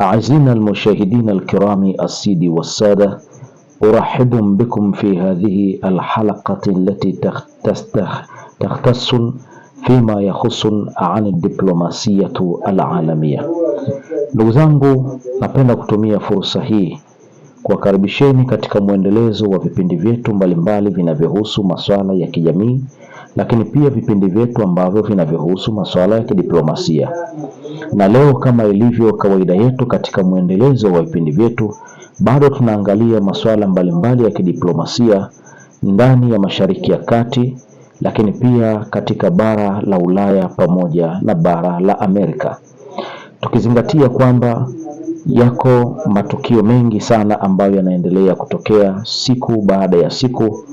أعزنا المشاهدين الكرام السيدي والسادة أرحب بكم في هذه الحلقة التي تختص فيما يخص عن الدبلوماسية العالمية. Ndugu zangu, napenda فرصة هي hii kuwakaribisheni katika mwendelezo wa vipindi vyetu mbalimbali vinavyohusu masuala ya kijamii lakini pia vipindi vyetu ambavyo vinavyohusu masuala ya kidiplomasia. Na leo kama ilivyo kawaida yetu, katika mwendelezo wa vipindi vyetu, bado tunaangalia masuala mbalimbali ya kidiplomasia ndani ya Mashariki ya Kati, lakini pia katika bara la Ulaya pamoja na bara la Amerika, tukizingatia kwamba yako matukio mengi sana ambayo yanaendelea kutokea siku baada ya siku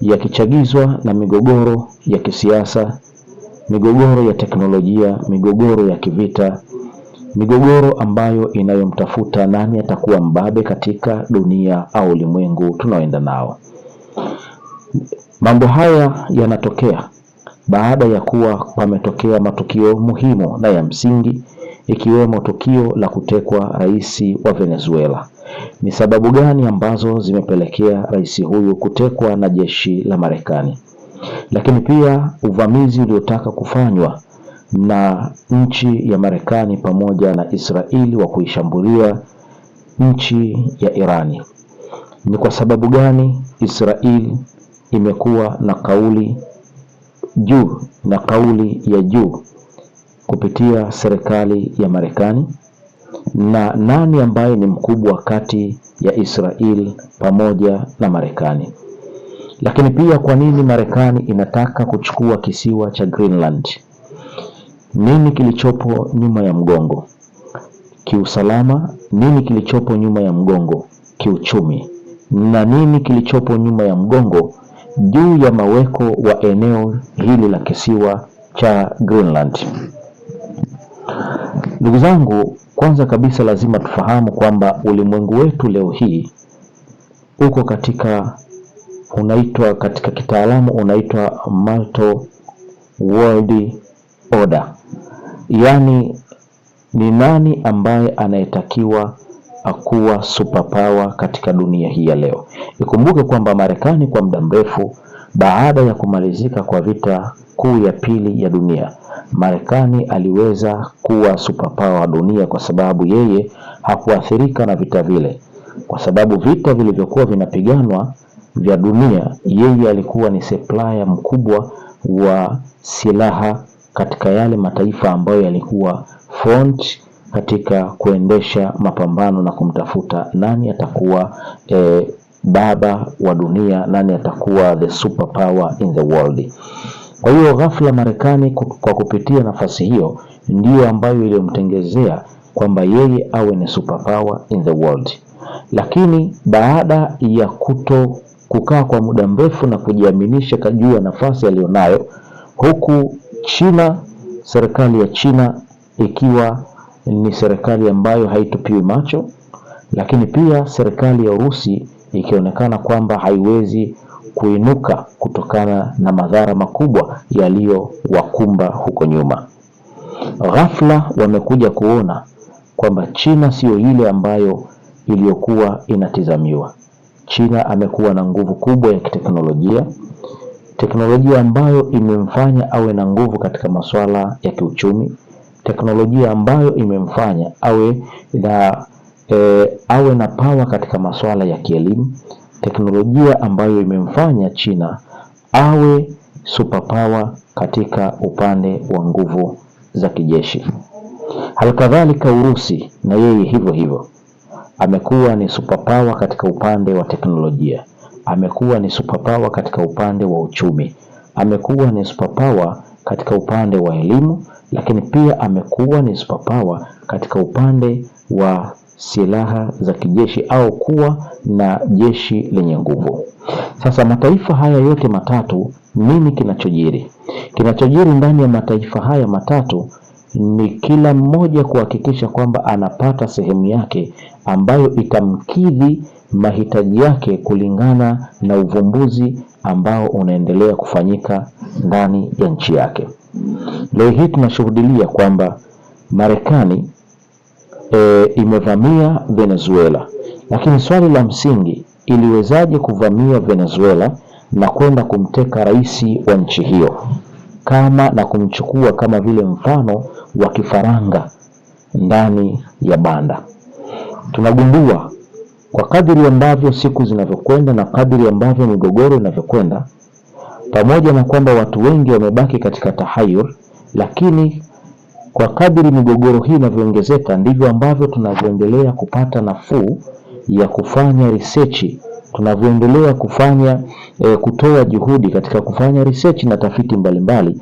yakichagizwa na migogoro ya kisiasa, migogoro ya teknolojia, migogoro ya kivita, migogoro ambayo inayomtafuta nani atakuwa mbabe katika dunia au ulimwengu tunaoenda nao. Mambo haya yanatokea baada ya kuwa pametokea matukio muhimu na ya msingi ikiwemo tukio la kutekwa rais wa Venezuela. Ni sababu gani ambazo zimepelekea rais huyu kutekwa na jeshi la Marekani? Lakini pia uvamizi uliotaka kufanywa na nchi ya Marekani pamoja na Israeli wa kuishambulia nchi ya Irani. Ni kwa sababu gani Israeli imekuwa na kauli juu na kauli ya juu kupitia serikali ya Marekani? na nani ambaye ni mkubwa kati ya Israeli pamoja na Marekani. Lakini pia kwa nini Marekani inataka kuchukua kisiwa cha Greenland? Nini kilichopo nyuma ya mgongo kiusalama? Nini kilichopo nyuma ya mgongo kiuchumi? Na nini kilichopo nyuma ya mgongo juu ya maweko wa eneo hili la kisiwa cha Greenland? Ndugu zangu, kwanza kabisa lazima tufahamu kwamba ulimwengu wetu leo hii uko katika unaitwa katika kitaalamu unaitwa multi world order, yaani ni nani ambaye anayetakiwa akuwa superpower katika dunia hii ya leo. Ikumbuke kwamba Marekani kwa muda mrefu baada ya kumalizika kwa vita kuu ya pili ya dunia Marekani aliweza kuwa superpower wa dunia kwa sababu yeye hakuathirika na vita vile, kwa sababu vita vilivyokuwa vinapiganwa vya dunia, yeye alikuwa ni supplier mkubwa wa silaha katika yale mataifa ambayo yalikuwa front katika kuendesha mapambano na kumtafuta nani atakuwa eh, baba wa dunia, nani atakuwa the superpower in the world. Kwa hiyo ghafla Marekani kwa kupitia nafasi hiyo ndiyo ambayo iliyomtengezea kwamba yeye awe ni superpower in the world. Lakini baada ya kuto kukaa kwa muda mrefu na kujiaminisha juu ya nafasi aliyonayo, huku China, serikali ya China ikiwa ni serikali ambayo haitupiwi macho, lakini pia serikali ya Urusi ikionekana kwamba haiwezi kuinuka kutokana na madhara makubwa yaliyowakumba huko nyuma. Ghafla wamekuja kuona kwamba China siyo ile ambayo iliyokuwa inatizamiwa. China amekuwa na nguvu kubwa ya kiteknolojia, teknolojia ambayo imemfanya awe na nguvu katika masuala ya kiuchumi, teknolojia ambayo imemfanya awe na e, awe na pawa katika masuala ya kielimu, teknolojia ambayo imemfanya China awe superpower katika upande wa nguvu za kijeshi. Halikadhalika Urusi na yeye hivyo hivyo amekuwa ni superpower katika upande wa teknolojia, amekuwa ni superpower katika upande wa uchumi, amekuwa ni superpower katika upande wa elimu, lakini pia amekuwa ni superpower katika upande wa silaha za kijeshi au kuwa na jeshi lenye nguvu. Sasa mataifa haya yote matatu, nini kinachojiri? Kinachojiri ndani ya mataifa haya matatu ni kila mmoja kuhakikisha kwamba anapata sehemu yake ambayo itamkidhi mahitaji yake kulingana na uvumbuzi ambao unaendelea kufanyika ndani ya nchi yake. Leo hii tunashuhudia kwamba Marekani e, imevamia Venezuela. Lakini swali la msingi, iliwezaje kuvamia Venezuela na kwenda kumteka rais wa nchi hiyo kama na kumchukua kama vile mfano wa kifaranga ndani ya banda? Tunagundua kwa kadiri ambavyo siku zinavyokwenda na kadiri ambavyo migogoro inavyokwenda, pamoja na kwamba watu wengi wamebaki katika tahayur, lakini kwa kadiri migogoro hii inavyoongezeka ndivyo ambavyo tunavyoendelea kupata nafuu ya kufanya research, tunavyoendelea kufanya e, kutoa juhudi katika kufanya research na tafiti mbalimbali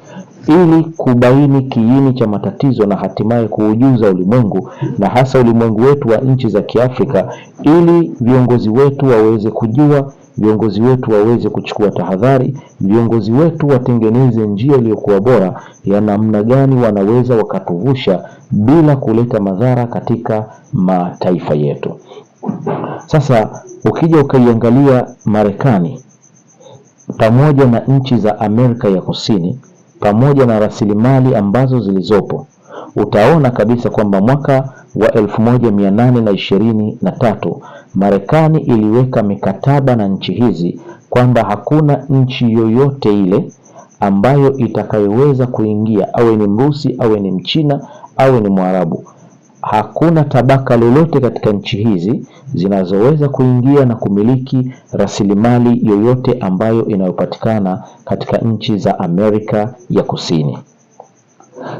ili kubaini kiini cha matatizo na hatimaye kuujuza ulimwengu na hasa ulimwengu wetu wa nchi za Kiafrika, ili viongozi wetu waweze kujua viongozi wetu waweze kuchukua tahadhari, viongozi wetu watengeneze njia iliyokuwa bora ya namna gani wanaweza wakatuvusha bila kuleta madhara katika mataifa yetu. Sasa ukija ukaiangalia Marekani pamoja na nchi za Amerika ya Kusini pamoja na rasilimali ambazo zilizopo utaona kabisa kwamba mwaka wa elfu moja mia nane na ishirini na tatu Marekani iliweka mikataba na nchi hizi kwamba hakuna nchi yoyote ile ambayo itakayoweza kuingia, awe ni Mrusi, awe ni Mchina, awe ni Mwarabu. Hakuna tabaka lolote katika nchi hizi zinazoweza kuingia na kumiliki rasilimali yoyote ambayo inayopatikana katika nchi za Amerika ya Kusini.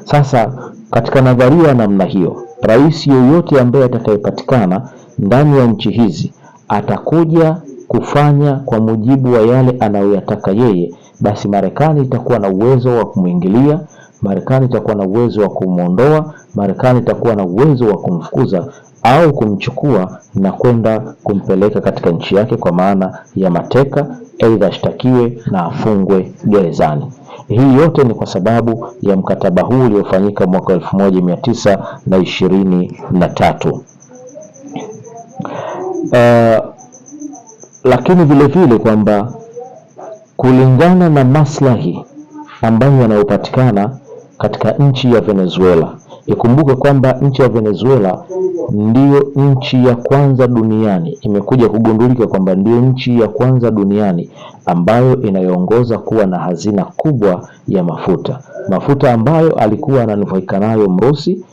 Sasa katika nadharia ya namna hiyo, rais yoyote ambaye atakayepatikana ndani ya nchi hizi atakuja kufanya kwa mujibu wa yale anayoyataka yeye, basi Marekani itakuwa na uwezo wa kumwingilia, Marekani itakuwa na uwezo wa kumwondoa, Marekani itakuwa na uwezo wa kumfukuza au kumchukua na kwenda kumpeleka katika nchi yake, kwa maana ya mateka, aidha ashtakiwe na afungwe gerezani. Hii yote ni kwa sababu ya mkataba huu uliofanyika mwaka elfu moja mia tisa na ishirini na tatu uh, lakini vile vile kwamba kulingana na maslahi ambayo yanayopatikana katika nchi ya Venezuela. Ikumbuke kwamba nchi ya Venezuela ndiyo nchi ya kwanza duniani, imekuja kugundulika kwamba ndiyo nchi ya kwanza duniani ambayo inayoongoza kuwa na hazina kubwa ya mafuta, mafuta ambayo alikuwa ananufaika nayo Mrusi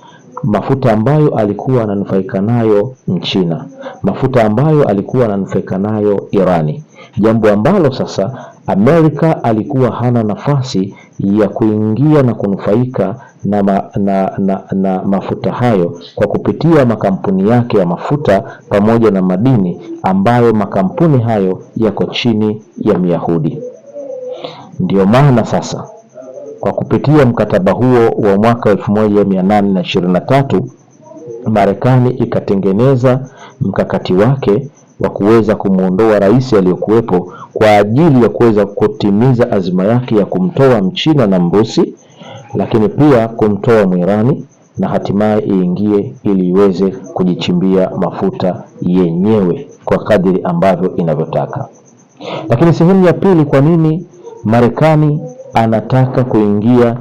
mafuta ambayo alikuwa ananufaika nayo Mchina, mafuta ambayo alikuwa ananufaika nayo Irani, jambo ambalo sasa Amerika alikuwa hana nafasi ya kuingia na kunufaika na, ma, na, na, na mafuta hayo kwa kupitia makampuni yake ya mafuta pamoja na madini ambayo makampuni hayo yako chini ya Myahudi. Ndiyo maana sasa kwa kupitia mkataba huo wa mwaka 1823 Marekani ikatengeneza mkakati wake wa kuweza kumwondoa rais aliyokuwepo kwa ajili ya kuweza kutimiza azima yake ya kumtoa Mchina na Mrusi, lakini pia kumtoa Mwirani na hatimaye iingie ili iweze kujichimbia mafuta yenyewe kwa kadiri ambavyo inavyotaka. Lakini sehemu ya pili, kwa nini Marekani anataka kuingia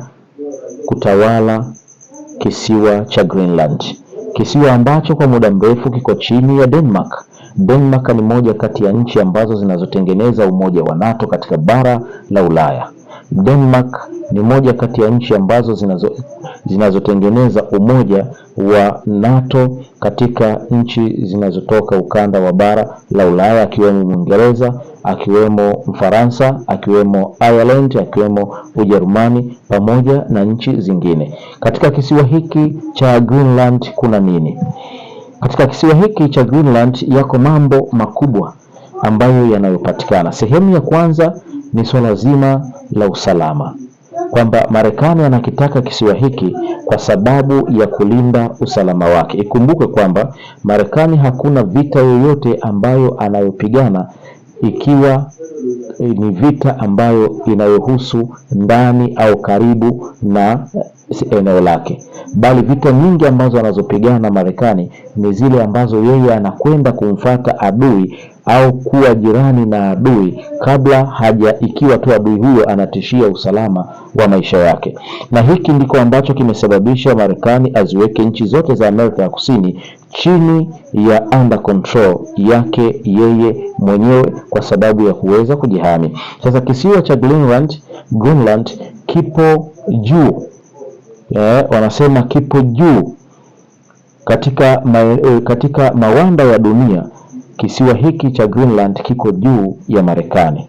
kutawala kisiwa cha Greenland, kisiwa ambacho kwa muda mrefu kiko chini ya Denmark. Denmark ni moja kati ya nchi ambazo zinazotengeneza umoja wa NATO katika bara la Ulaya. Denmark ni moja kati ya nchi ambazo zinazo zinazotengeneza umoja wa NATO katika nchi zinazotoka ukanda wa bara la Ulaya akiwemo Uingereza, akiwemo Mfaransa, akiwemo Ireland, akiwemo Ujerumani pamoja na nchi zingine. Katika kisiwa hiki cha Greenland kuna nini? Katika kisiwa hiki cha Greenland yako mambo makubwa ambayo yanayopatikana. Sehemu ya kwanza ni swala zima la usalama kwamba Marekani anakitaka kisiwa hiki kwa sababu ya kulinda usalama wake. Ikumbuke kwamba Marekani hakuna vita yoyote ambayo anayopigana ikiwa eh, ni vita ambayo inayohusu ndani au karibu na eh, eneo lake, bali vita nyingi ambazo anazopigana Marekani ni zile ambazo yeye anakwenda kumfata adui au kuwa jirani na adui kabla haja, ikiwa tu adui huyo anatishia usalama wa maisha yake. Na hiki ndiko ambacho kimesababisha Marekani aziweke nchi zote za Amerika ya Kusini chini ya under control yake yeye mwenyewe kwa sababu ya kuweza kujihami. Sasa kisiwa cha Greenland, Greenland kipo juu eh, wanasema kipo juu katika, ma, eh, katika mawanda ya dunia Kisiwa hiki cha Greenland kiko juu ya Marekani.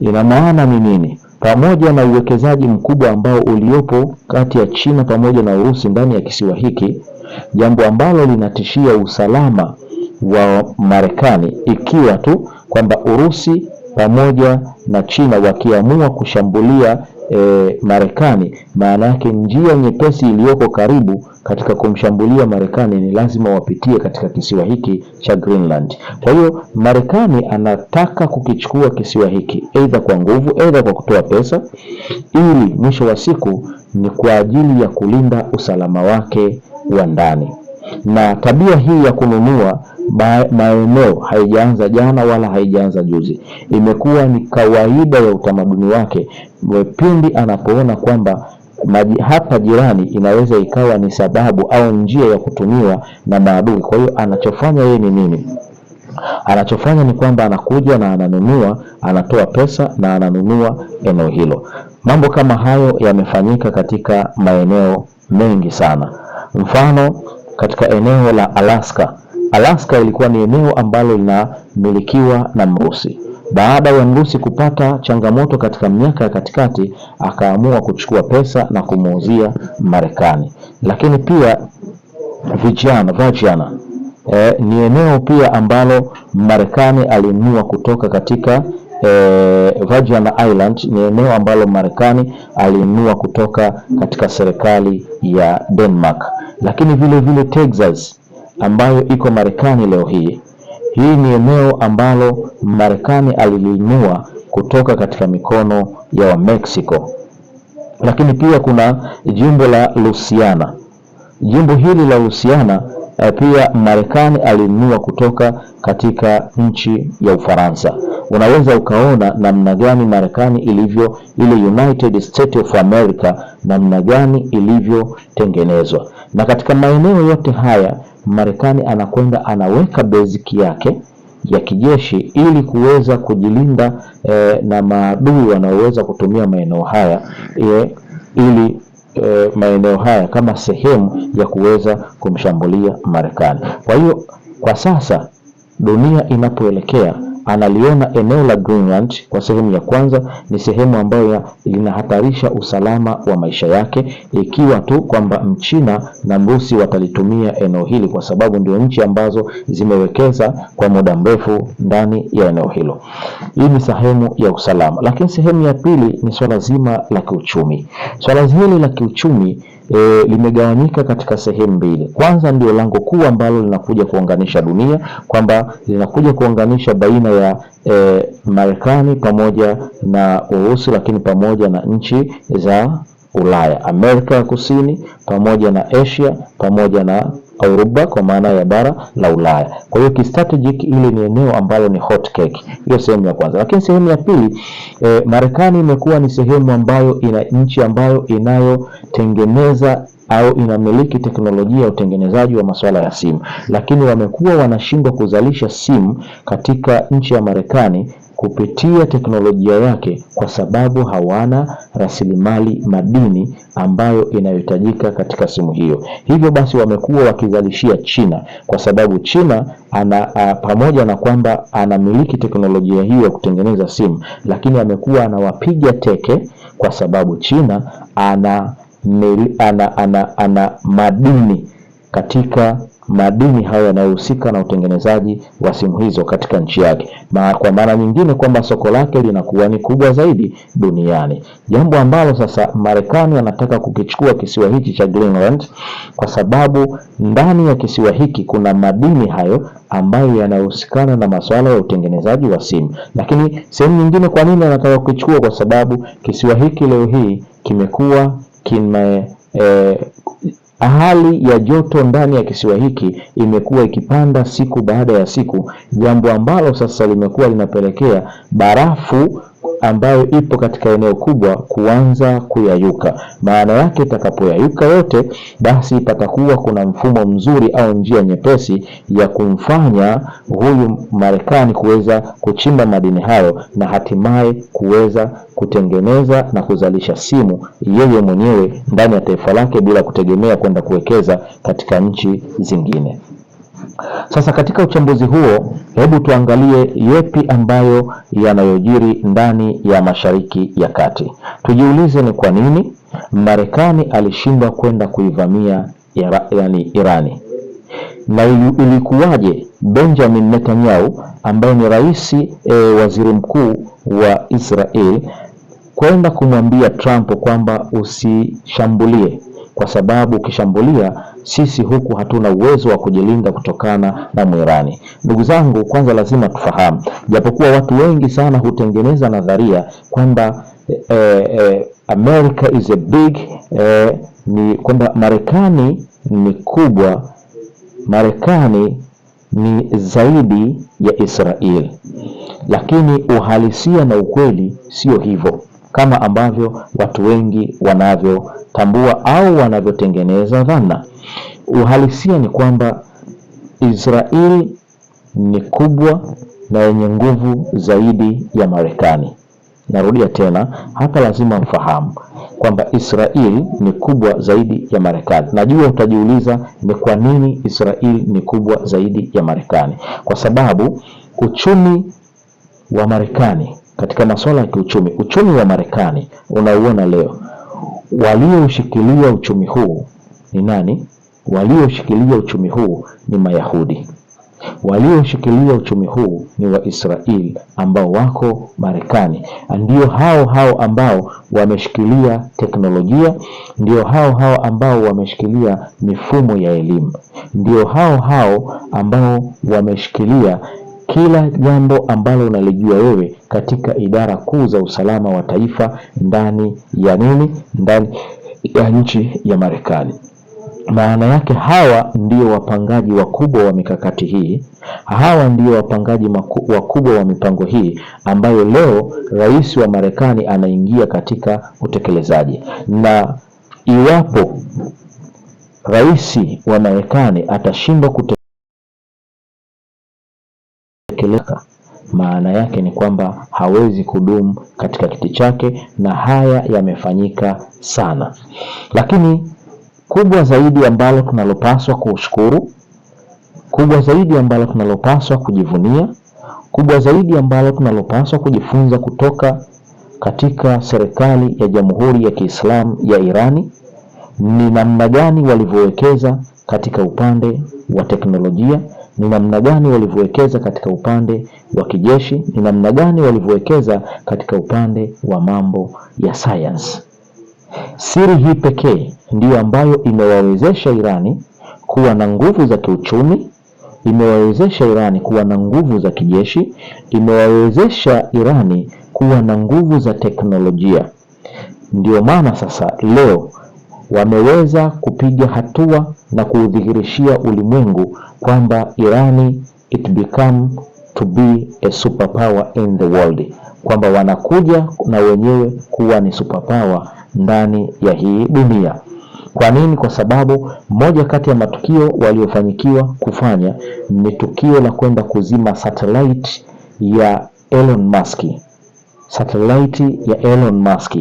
Ina maana ni nini? Pamoja na uwekezaji mkubwa ambao uliopo kati ya China pamoja na Urusi ndani ya kisiwa hiki, jambo ambalo linatishia usalama wa Marekani ikiwa tu kwamba Urusi pamoja na China wakiamua kushambulia e, Marekani, maana yake njia nyepesi iliyoko karibu katika kumshambulia Marekani ni lazima wapitie katika kisiwa hiki cha Greenland. Kwa hiyo Marekani anataka kukichukua kisiwa hiki aidha kwa nguvu, aidha kwa kutoa pesa, ili mwisho wa siku ni kwa ajili ya kulinda usalama wake wa ndani. Na tabia hii ya kununua maeneo haijaanza jana wala haijaanza juzi, imekuwa ni kawaida ya utamaduni wake pindi anapoona kwamba maji, hapa jirani inaweza ikawa ni sababu au njia ya kutumiwa na maadui. Kwa hiyo anachofanya yeye ni nini? Anachofanya ni kwamba anakuja na ananunua, anatoa pesa na ananunua eneo hilo. Mambo kama hayo yamefanyika katika maeneo mengi sana. Mfano, katika eneo la Alaska. Alaska ilikuwa ni eneo ambalo linamilikiwa na Mrusi. Baada ya mrusi kupata changamoto katika miaka ya katikati, akaamua kuchukua pesa na kumuuzia Marekani. Lakini pia vijana vijana E, ni eneo pia ambalo Marekani alinunua kutoka katika e, Virgin Island ni eneo ambalo Marekani alinunua kutoka katika serikali ya Denmark, lakini vile vile Texas ambayo iko Marekani leo hii hii ni eneo ambalo Marekani alilinua kutoka katika mikono ya Wamexico. Lakini pia kuna jimbo la Louisiana. Jimbo hili la Louisiana eh, pia Marekani alinunua kutoka katika nchi ya Ufaransa. Unaweza ukaona namna gani Marekani ilivyo ile United States of America, namna gani ilivyotengenezwa na katika maeneo yote haya Marekani anakwenda anaweka basic yake ya kijeshi ili kuweza kujilinda e, na maadui wanaoweza kutumia maeneo haya e, ili e, maeneo haya kama sehemu ya kuweza kumshambulia Marekani. Kwa hiyo kwa sasa dunia inapoelekea analiona eneo la Greenland kwa sehemu ya kwanza ni sehemu ambayo linahatarisha usalama wa maisha yake, ikiwa tu kwamba Mchina na Mrusi watalitumia eneo hili, kwa sababu ndio nchi ambazo zimewekeza kwa muda mrefu ndani ya eneo hilo. Hii ni sehemu ya usalama, lakini sehemu ya pili ni swala zima la kiuchumi. Swala hili la kiuchumi e, limegawanyika katika sehemu mbili. Kwanza ndio lango kuu ambalo linakuja kuunganisha dunia, kwamba linakuja kuunganisha baina ya e, Marekani pamoja na Urusi, lakini pamoja na nchi za Ulaya, Amerika ya Kusini pamoja na Asia pamoja na Auruba kwa maana ya bara la Ulaya. Kwa hiyo kistrategic, ile ni eneo ambalo ni hot cake. Hiyo sehemu ya kwanza, lakini sehemu ya pili eh, Marekani imekuwa ni sehemu ambayo ina nchi ambayo inayotengeneza au inamiliki teknolojia ya utengenezaji wa masuala ya simu, lakini wamekuwa wanashindwa kuzalisha simu katika nchi ya Marekani kupitia teknolojia yake, kwa sababu hawana rasilimali madini ambayo inayohitajika katika simu hiyo. Hivyo basi wamekuwa wakizalishia China, kwa sababu China ana a, pamoja na kwamba anamiliki teknolojia hiyo ya kutengeneza simu, lakini amekuwa anawapiga teke kwa sababu China ana, ana, ana, ana, ana madini katika madini hayo yanayohusika na utengenezaji wa simu hizo katika nchi yake, na kwa maana nyingine kwamba soko lake linakuwa ni kubwa zaidi duniani, jambo ambalo sasa Marekani anataka kukichukua kisiwa hiki cha Greenland, kwa sababu ndani ya kisiwa hiki kuna madini hayo ambayo yanayohusikana na masuala ya utengenezaji wa simu. Lakini sehemu nyingine, kwa nini anataka kukichukua? Kwa sababu kisiwa hiki leo hii kimekuwa kime eh, Hali ya joto ndani ya kisiwa hiki imekuwa ikipanda siku baada ya siku, jambo ambalo sasa limekuwa linapelekea barafu ambayo ipo katika eneo kubwa kuanza kuyayuka. Maana yake itakapoyayuka yote, basi patakuwa kuna mfumo mzuri au njia nyepesi ya kumfanya huyu Marekani kuweza kuchimba madini hayo na hatimaye kuweza kutengeneza na kuzalisha simu yeye mwenyewe ndani ya taifa lake bila kutegemea kwenda kuwekeza katika nchi zingine. Sasa katika uchambuzi huo, hebu tuangalie yepi ambayo yanayojiri ndani ya Mashariki ya Kati. Tujiulize ni kwa nini Marekani alishindwa kwenda kuivamia Ira, yani Irani na ilikuwaje Benjamin Netanyahu ambaye ni rais e, waziri mkuu wa Israel kwenda kumwambia Trump kwamba usishambulie kwa sababu ukishambulia, sisi huku hatuna uwezo wa kujilinda kutokana na mwirani. Ndugu zangu, kwanza lazima tufahamu, japokuwa watu wengi sana hutengeneza nadharia kwamba eh, eh, America is a big eh, ni kwamba Marekani ni kubwa, Marekani ni zaidi ya Israeli, lakini uhalisia na ukweli sio hivyo kama ambavyo watu wengi wanavyotambua au wanavyotengeneza dhana. Uhalisia ni kwamba Israeli ni kubwa na yenye nguvu zaidi ya Marekani. Narudia tena, hapa lazima mfahamu kwamba Israeli ni kubwa zaidi ya Marekani. Najua utajiuliza ni kwa nini Israeli ni kubwa zaidi ya Marekani? Kwa sababu uchumi wa Marekani katika masuala ya kiuchumi. Uchumi wa Marekani unauona leo, walioshikilia uchumi huu ni nani? Walioshikilia uchumi huu ni Mayahudi, walioshikilia uchumi huu ni Waisraeli ambao wako Marekani. Ndio hao hao ambao wameshikilia teknolojia, ndio hao hao ambao wameshikilia mifumo ya elimu, ndio hao hao ambao wameshikilia kila jambo ambalo unalijua wewe katika idara kuu za usalama wa taifa ndani ya nini, ndani ya nchi ya Marekani. Maana yake hawa ndio wapangaji wakubwa wa mikakati hii, hawa ndio wapangaji wakubwa wa mipango hii ambayo leo rais wa Marekani anaingia katika utekelezaji. Na iwapo rais wa Marekani atashindwa kutekeleza maana yake ni kwamba hawezi kudumu katika kiti chake, na haya yamefanyika sana. Lakini kubwa zaidi ambalo tunalopaswa kushukuru, kubwa zaidi ambalo tunalopaswa kujivunia, kubwa zaidi ambalo tunalopaswa kujifunza kutoka katika serikali ya Jamhuri ya Kiislamu ya Irani ni namna gani walivyowekeza katika upande wa teknolojia ni namna gani walivyowekeza katika upande wa kijeshi, ni namna gani walivyowekeza katika upande wa mambo ya sayansi. Siri hii pekee ndiyo ambayo imewawezesha Irani kuwa na nguvu za kiuchumi, imewawezesha Irani kuwa na nguvu za kijeshi, imewawezesha Irani kuwa na nguvu za teknolojia. Ndiyo maana sasa leo wameweza kupiga hatua na kuudhihirishia ulimwengu kwamba Irani it become to be a superpower in the world, kwamba wanakuja na wenyewe kuwa ni superpower ndani ya hii dunia. Kwa nini? Kwa sababu moja kati ya matukio waliofanyikiwa kufanya ni tukio la kwenda kuzima satellite ya Elon Musk, satellite ya Elon Musk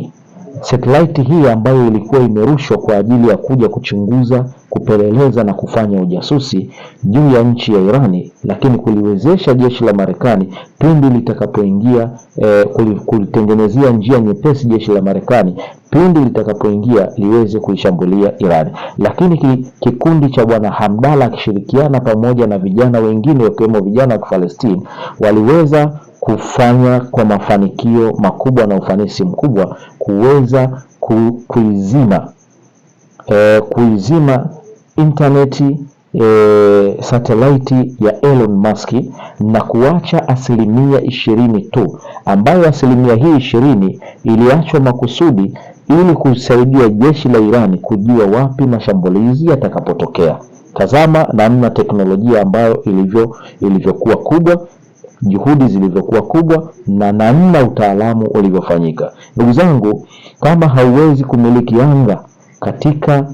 satellite hii ambayo ilikuwa imerushwa kwa ajili ya kuja kuchunguza, kupeleleza na kufanya ujasusi juu ya nchi ya Irani, lakini kuliwezesha jeshi la Marekani pindi litakapoingia eh, kulitengenezea njia nyepesi jeshi la Marekani pindi litakapoingia liweze kuishambulia Irani. Lakini kikundi cha bwana Hamdala akishirikiana pamoja na vijana wengine wakiwemo vijana wa Palestina waliweza kufanya kwa mafanikio makubwa na ufanisi mkubwa, kuweza ku, kuizima e, kuizima intaneti e, eh, satelaiti ya Elon Musk na kuacha asilimia ishirini tu, ambayo asilimia hii ishirini iliachwa makusudi ili kusaidia jeshi la Irani kujua wapi mashambulizi yatakapotokea. Tazama namna teknolojia ambayo ilivyo ilivyokuwa kubwa juhudi zilivyokuwa kubwa na namna utaalamu ulivyofanyika. Ndugu zangu, kama hauwezi kumiliki anga katika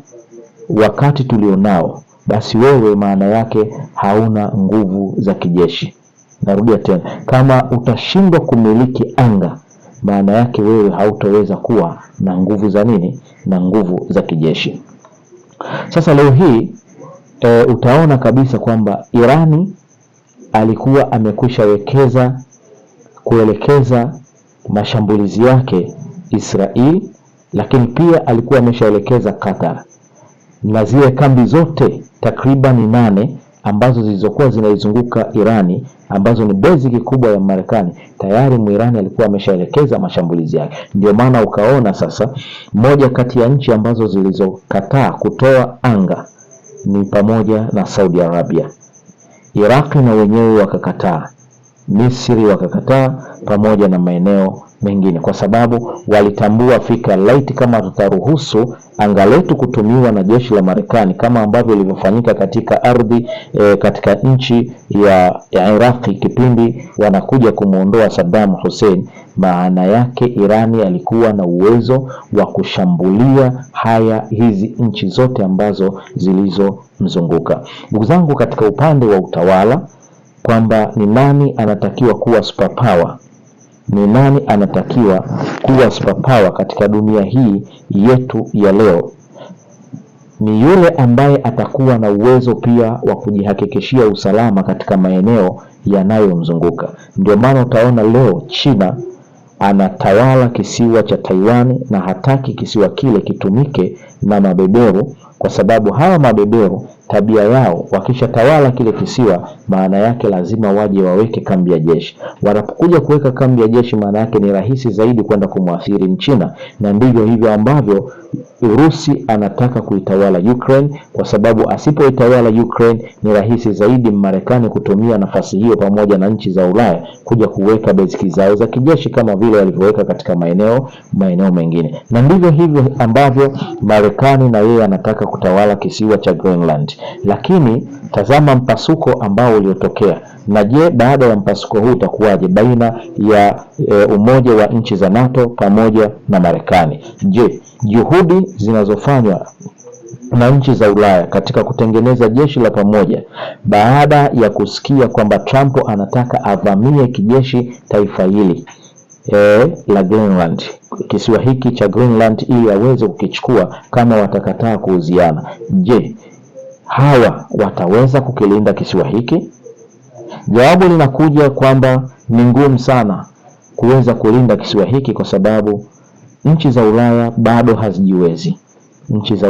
wakati tulionao, basi wewe maana yake hauna nguvu za kijeshi. Narudia tena, kama utashindwa kumiliki anga, maana yake wewe hautaweza kuwa na nguvu za nini? Na nguvu za kijeshi. Sasa leo hii e, utaona kabisa kwamba Irani alikuwa amekwisha wekeza kuelekeza mashambulizi yake israel lakini pia alikuwa ameshaelekeza Qatar, na zile kambi zote takriban nane ambazo zilizokuwa zinaizunguka Irani ambazo ni bezi kikubwa ya Marekani tayari Mwirani alikuwa ameshaelekeza mashambulizi yake. Ndio maana ukaona sasa moja kati ya nchi ambazo zilizokataa kutoa anga ni pamoja na Saudi Arabia. Iraqi na wenyewe wakakataa, Misri wakakataa, pamoja na maeneo mwingine, kwa sababu walitambua fika light kama tutaruhusu anga letu kutumiwa na jeshi la Marekani kama ambavyo ilivyofanyika katika ardhi e, katika nchi ya, ya Iraqi kipindi wanakuja kumwondoa Saddam Hussein. Maana yake Irani alikuwa na uwezo wa kushambulia haya hizi nchi zote ambazo zilizomzunguka. Ndugu zangu, katika upande wa utawala kwamba ni nani anatakiwa kuwa superpower ni nani anatakiwa kuwa superpower katika dunia hii yetu ya leo? Ni yule ambaye atakuwa na uwezo pia wa kujihakikishia usalama katika maeneo yanayomzunguka. Ndio maana utaona leo China anatawala kisiwa cha Taiwan na hataki kisiwa kile kitumike na mabeberu, kwa sababu hawa mabeberu tabia yao, wakishatawala kile kisiwa, maana yake lazima waje waweke kambi ya jeshi. Wanapokuja kuweka kambi ya jeshi, maana yake ni rahisi zaidi kwenda kumwathiri Mchina, na ndivyo hivyo ambavyo Urusi anataka kuitawala Ukraine, kwa sababu asipoitawala Ukraine ni rahisi zaidi Marekani kutumia nafasi hiyo pamoja na nchi za Ulaya kuja kuweka beziki zao za kijeshi kama vile walivyoweka katika maeneo maeneo mengine, na ndivyo hivyo ambavyo Marekani na yeye anataka kutawala kisiwa cha Greenland. Lakini tazama mpasuko ambao uliotokea. Na je, baada ya mpasuko huu utakuwaje baina ya e, umoja wa nchi za NATO pamoja na Marekani? Je, juhudi zinazofanywa na nchi za Ulaya katika kutengeneza jeshi la pamoja baada ya kusikia kwamba Trump anataka avamie kijeshi taifa hili E, la Greenland kisiwa hiki cha Greenland ili aweze kukichukua kama watakataa kuuziana. Je, hawa wataweza kukilinda kisiwa hiki? Jawabu linakuja kwamba ni ngumu sana kuweza kulinda kisiwa hiki kwa sababu nchi za Ulaya bado hazijiwezi. Nchi za